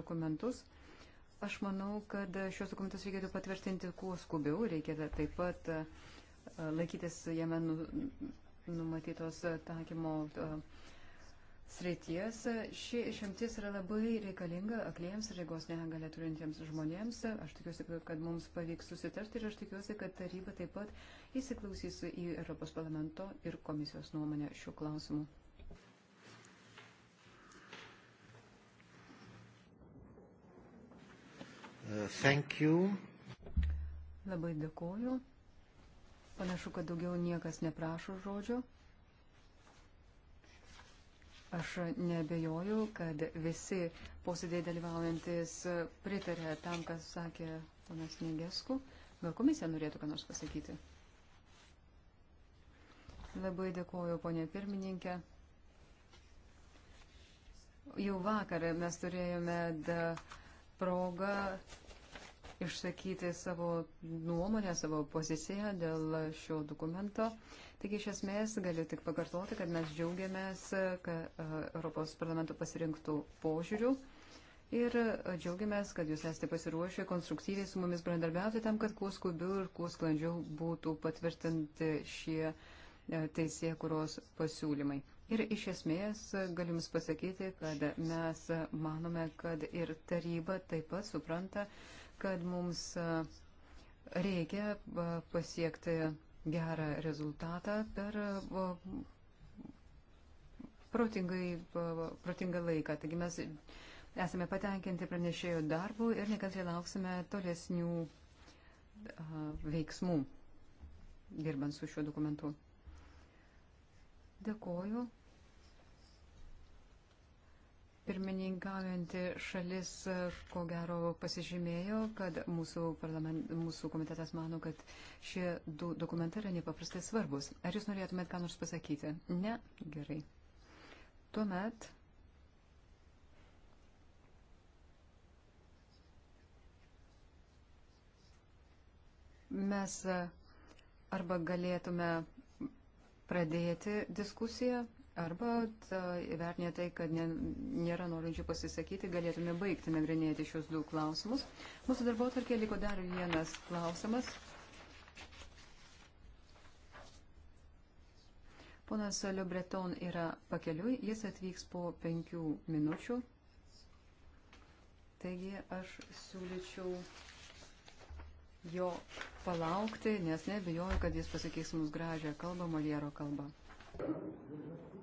dokumentus. Aš manau, kad šios dokumentus reikėtų patvirtinti kuo skubiau, reikia taip pat laikytis jame nu-, numatytos takymo. Uh, srities. Ši išimtis yra labai reikalinga akliems ir regos negalę turintiems žmonėms. Aš tikiuosi, kad mums pavyks susitarti ir aš tikiuosi, kad taryba taip pat įsiklausys į Europos parlamento ir komisijos nuomonę šiuo klausimu. Uh, thank you. Labai dėkoju. Panašu, kad daugiau niekas neprašo žodžio. Aš nebejoju, kad visi posėdėje dalyvaujantis pritarė tam, kas sakė ponas Negesku. Gal komisija norėtų ką nors pasakyti? Labai dėkoju, ponė pirmininkė. Jau vakar mes turėjome progą išsakyti savo nuomonę, savo poziciją dėl šio dokumento. Taigi iš esmės galiu tik pakartoti, kad mes džiaugiamės Europos parlamento pasirinktų požiūrių. Ir džiaugiamės, kad jūs esate pasiruošę konstruktyviai su mumis bendradarbiauti tam, kad kuo skubiau ir kuo sklandžiau būtų patvirtinti šie teisė, kurios pasiūlymai. Ir iš esmės galiu Jums pasakyti, kad mes manome, kad ir taryba taip pat supranta, kad mums reikia pasiekti gerą rezultatą per protingai, protingą laiką. Taigi mes esame patenkinti pranešėjo darbu ir nekantriai lauksime tolesnių veiksmų dirbant su šiuo dokumentu. Dėkoju. Pirmininkaujanti šalis, ko gero, pasižymėjo, kad mūsų, mūsų komitetas mano, kad šie du dokumentai yra nepaprastai svarbus. Ar jūs norėtumėt ką nors pasakyti? Ne? Gerai. Tuomet. Mes arba galėtume pradėti diskusiją Arba įvertinė tai, kad ne, nėra norinčių pasisakyti, galėtume baigti nagrinėti šios du klausimus. Mūsų darbo tarkė liko dar vienas klausimas. Ponas Liubreton yra pakeliui, jis atvyks po penkių minučių. Taigi aš siūlyčiau jo palaukti, nes nebejoju, kad jis pasakys mums gražią kalbą, Moliero kalbą. Thank you.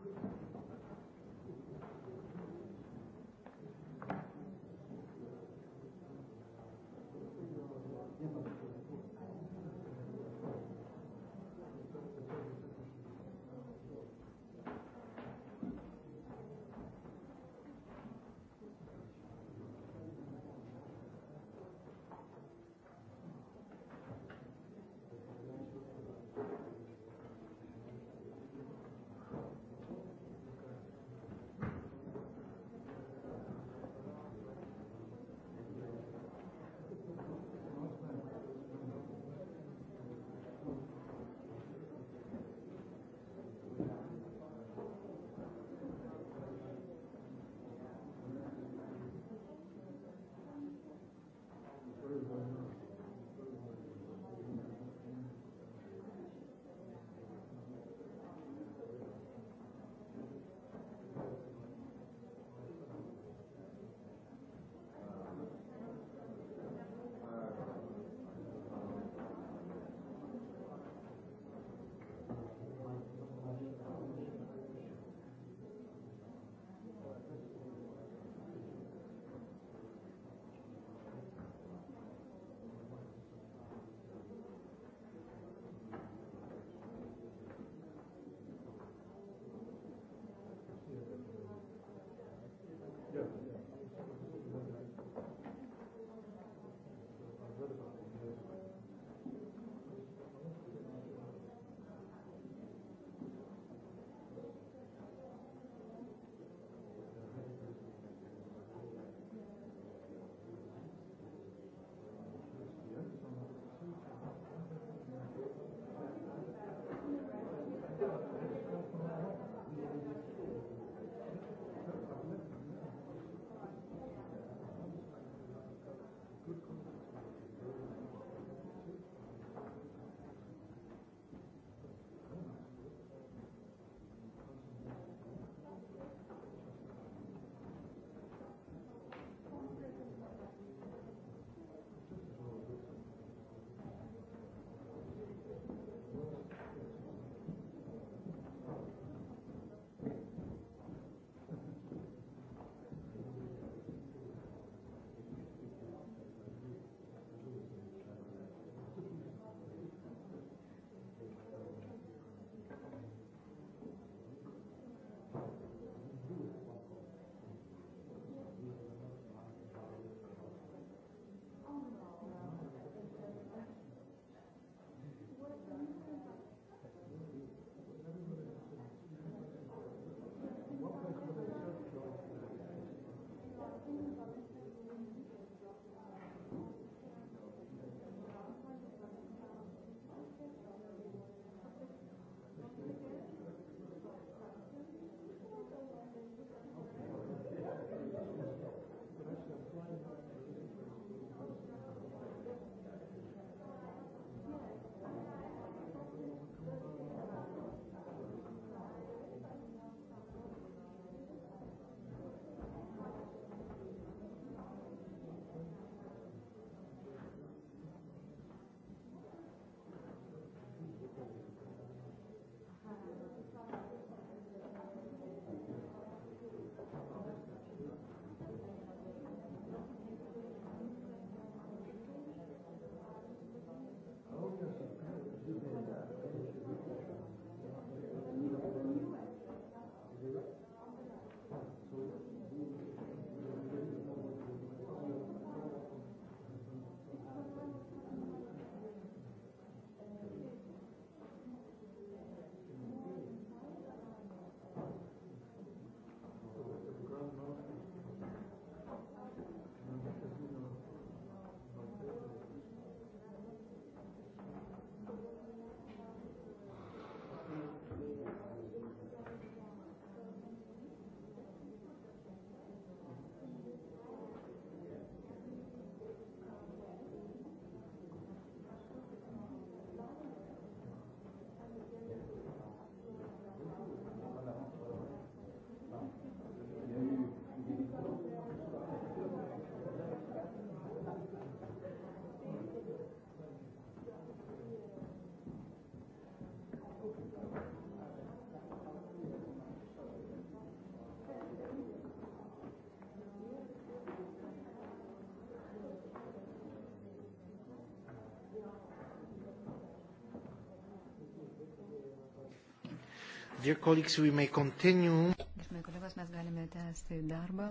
Dear colleagues, we may continue. Gerbimi kolegos, mes galime tęsti darbą.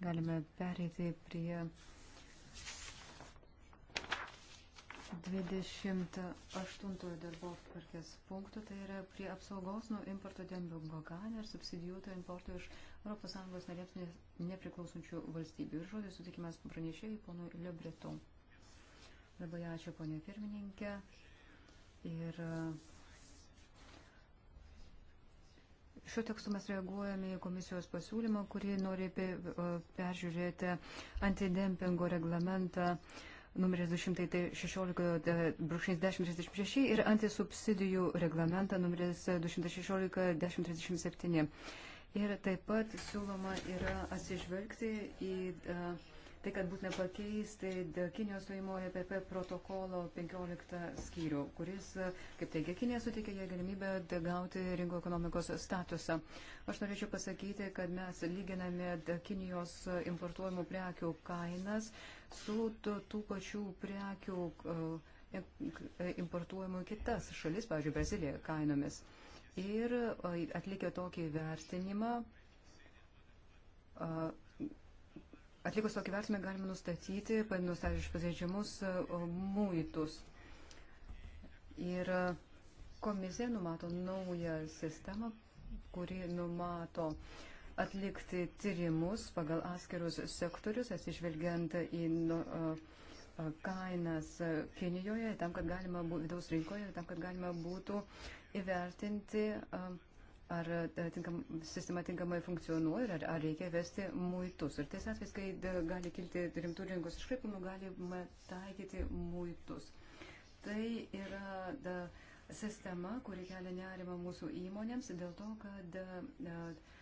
Galime pereiti prie 28 darbo tvarkės punktų, tai yra prie apsaugos nuo importo dembingo gali ir subsidijuoto importo iš ES narėms nepriklausančių valstybių. Ir žodis sutikimas pranešėjai ponui Lebretu. Labai ačiū, ponė pirmininkė. Ir uh, Šiuo tekstu mes reaguojame į komisijos pasiūlymą, kurį nori peržiūrėti antidempingo reglamentą numeris 216-1036 e, ir antisubsidijų reglamentą numeris 216-1037. Ir taip pat siūloma yra atsižvelgti į. Uh, tai, kad būtina pakeisti Kinijos stojimo EPP protokolo 15 skyrių, kuris, e, kaip teigia Kinija, sutikė jai galimybę gauti rinkų ekonomikos statusą. Aš norėčiau pasakyti, kad mes lyginame Kinijos e, importuojamų prekių kainas su tų pačių prekių e, importuojamų kitas šalis, pavyzdžiui, Brazilija kainomis. Ir atlikę tokį vertinimą, Atlikus tokį vertimą galima nustatyti, nustatyti iš pažeidžiamus e, muitus. Ir e, komisija numato naują sistemą, kuri numato atlikti tyrimus pagal atskirus sektorius, atsižvelgiant į nu, e, kainas Kinijoje, tam, kad galima, vidaus rinkoje, tam, kad galima būtų įvertinti uh, ar e, tinkam, sistema tinkamai funkcionuoja, ar, ar reikia vesti muitus. Ir tais atvejais, kai e, gali kilti rimtų rinkos iškraipimų, galima taikyti muitus. Tai yra da, sistema, kuri kelia nerimą mūsų įmonėms dėl to, kad da, e,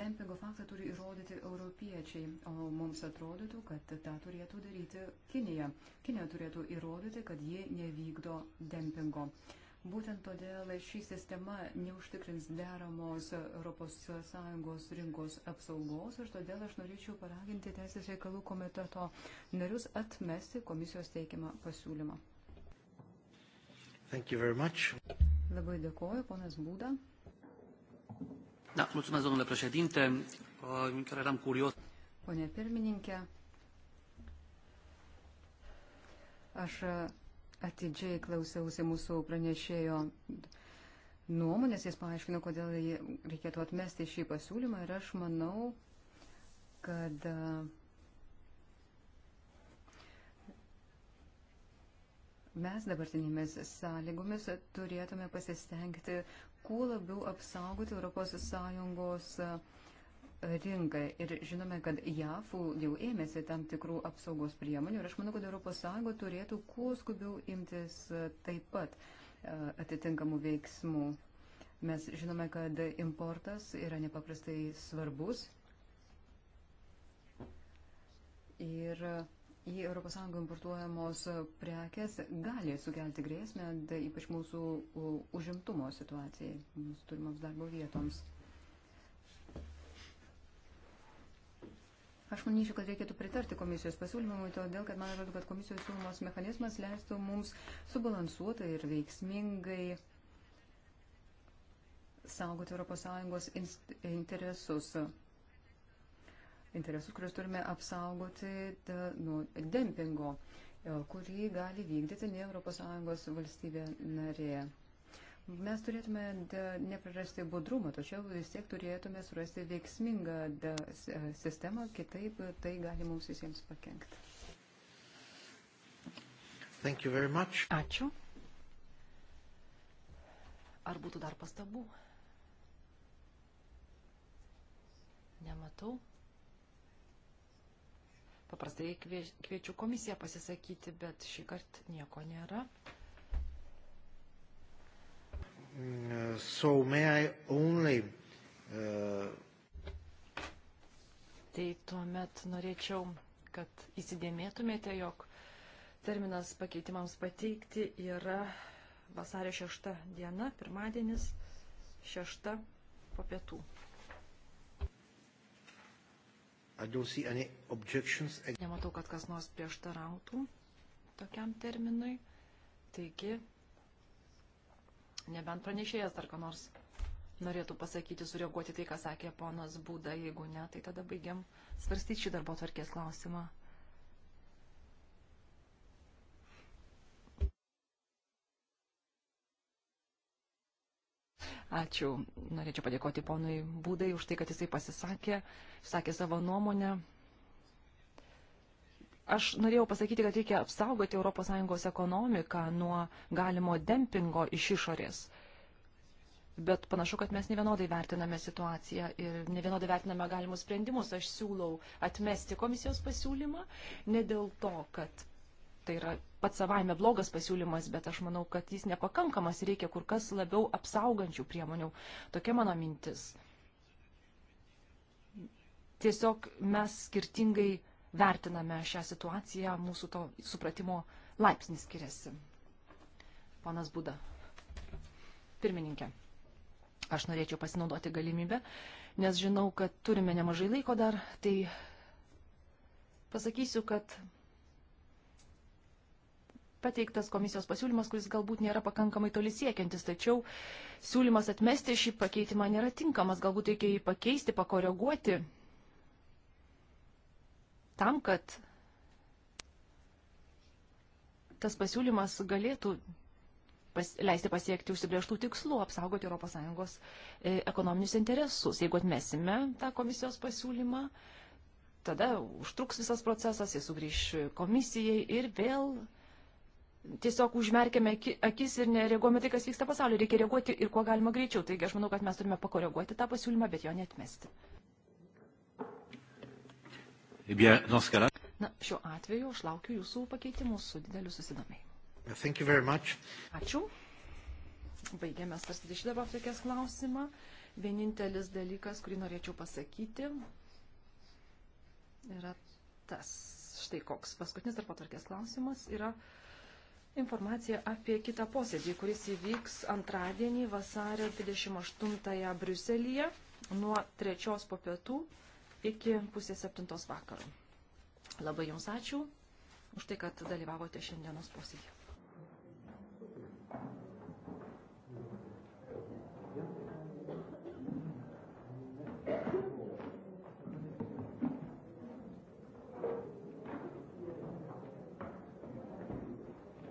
dempingo faktą turi įrodyti europiečiai, o mums atrodytų, kad tą turėtų daryti Kinija. Kinija turėtų įrodyti, kad ji nevykdo dempingo. Uh, Būtent todėl ši sistema neužtikrins deramos ES rinkos apsaugos ir todėl aš norėčiau paraginti Teisės reikalų komiteto narius atmesti komisijos teikiamą pasiūlymą. Labai dėkoju, ponas Būda. Da, mulțumesc, domnule președinte. Chiar eram curios. Pone pirmininkė, aš atidžiai klausiausi mūsų pranešėjo nuomonės, jis paaiškino, kodėl reikėtų atmesti šį pasiūlymą ir aš manau, kad e, mes dabartinėmis sąlygomis turėtume pasistengti kuo labiau apsaugoti ES rinką. Ir žinome, kad JAF jau ėmėsi tam tikrų apsaugos priemonių ir aš manau, kad ES turėtų kuo skubiau imtis taip pat e, atitinkamų veiksmų. Mes žinome, kad importas yra nepaprastai svarbus. Ir į ES importuojamos prekes gali sukelti grėsmę, ypač mūsų užimtumo situacijai, mūsų turimoms darbo vietoms. Aš manyčiau, kad reikėtų pritarti komisijos pasiūlymui, todėl kad man atrodo, kad komisijos siūlymos mechanizmas leistų mums subalansuotai ir veiksmingai saugoti ES interesus. Interesus, kuriuos turime apsaugoti da, nuo dempingo, e, kurį gali vykdyti ne ES valstybė narė. Mes turėtume neprarasti budrumo, tačiau vis tiek turėtume surasti veiksmingą e, sistemą, kitaip tai gali mums visiems pakengti. Ačiū. Ar būtų dar pastabų? Nematau. Paprastai kviečiu komisiją pasisakyti, bet šį kartą nieko nėra. So may I only. Uh... Tai tuomet norėčiau, kad įsidėmėtumėte, jog terminas pakeitimams pateikti yra vasario 6 diena, pirmadienis 6 po pietų. Nematau, kad kas nors prieštarautų tokiam terminui. Taigi, Nebent pranešėjas dar ką nors norėtų pasakyti, sureaguoti tai, ką sakė ponas Būda. Jeigu ne, tai tada baigiam svarstyti šį darbo tvarkės klausimą. Ačiū. Norėčiau padėkoti ponui Būdai už tai, kad jisai pasisakė, sakė savo nuomonę. Aš norėjau pasakyti, kad reikia apsaugoti ES ekonomiką nuo galimo dempingo iš išorės. Bet panašu, kad mes nevienodai vertiname situaciją ir nevienodai vertiname galimus sprendimus. Aš siūlau atmesti komisijos pasiūlymą ne dėl to, kad tai yra pats savaime blogas pasiūlymas, bet aš manau, kad jis nepakankamas ir reikia kur kas labiau apsaugančių priemonių. Tokia mano mintis. Tiesiog mes skirtingai vertiname šią situaciją, mūsų to supratimo laipsnis skiriasi. Ponas Būda. Pirmininkė, aš norėčiau pasinaudoti galimybę, nes žinau, kad turime nemažai laiko dar, tai pasakysiu, kad pateiktas komisijos pasiūlymas, kuris galbūt nėra pakankamai toli siekiantis, tačiau siūlymas atmesti šį pakeitimą nėra tinkamas, galbūt reikia jį pakeisti, pakoreguoti tam, kad tas pasiūlymas galėtų pas, leisti pasiekti užsibrieštų tikslų, apsaugoti ES e, ekonominius interesus. Jeigu atmesime tą komisijos pasiūlymą, tada užtruks visas procesas, jis sugrįš komisijai ir vėl tiesiog užmerkėme akis ir nereaguojame tai, kas vyksta pasaulyje. Reikia reaguoti ir kuo galima greičiau. Taigi aš manau, kad mes turime pakoreguoti tą pasiūlymą, bet jo netmesti. Eh bien, dans ce cas-là. Na, šiuo atveju aš laukiu jūsų pakeitimų su dideliu susidomėjimu. Ačiū. Baigėme svarstyti šitą Afrikės klausimą. Vienintelis dalykas, kurį norėčiau pasakyti, yra tas. Štai koks. Paskutinis tarp atvarkės klausimas yra informacija apie kitą posėdį, kuris įvyks antradienį vasario 28 Briuselyje nuo 3 po pietų iki pusės septintos vakaro. Labai Jums ačiū už tai, kad dalyvavote šiandienos posėdėje.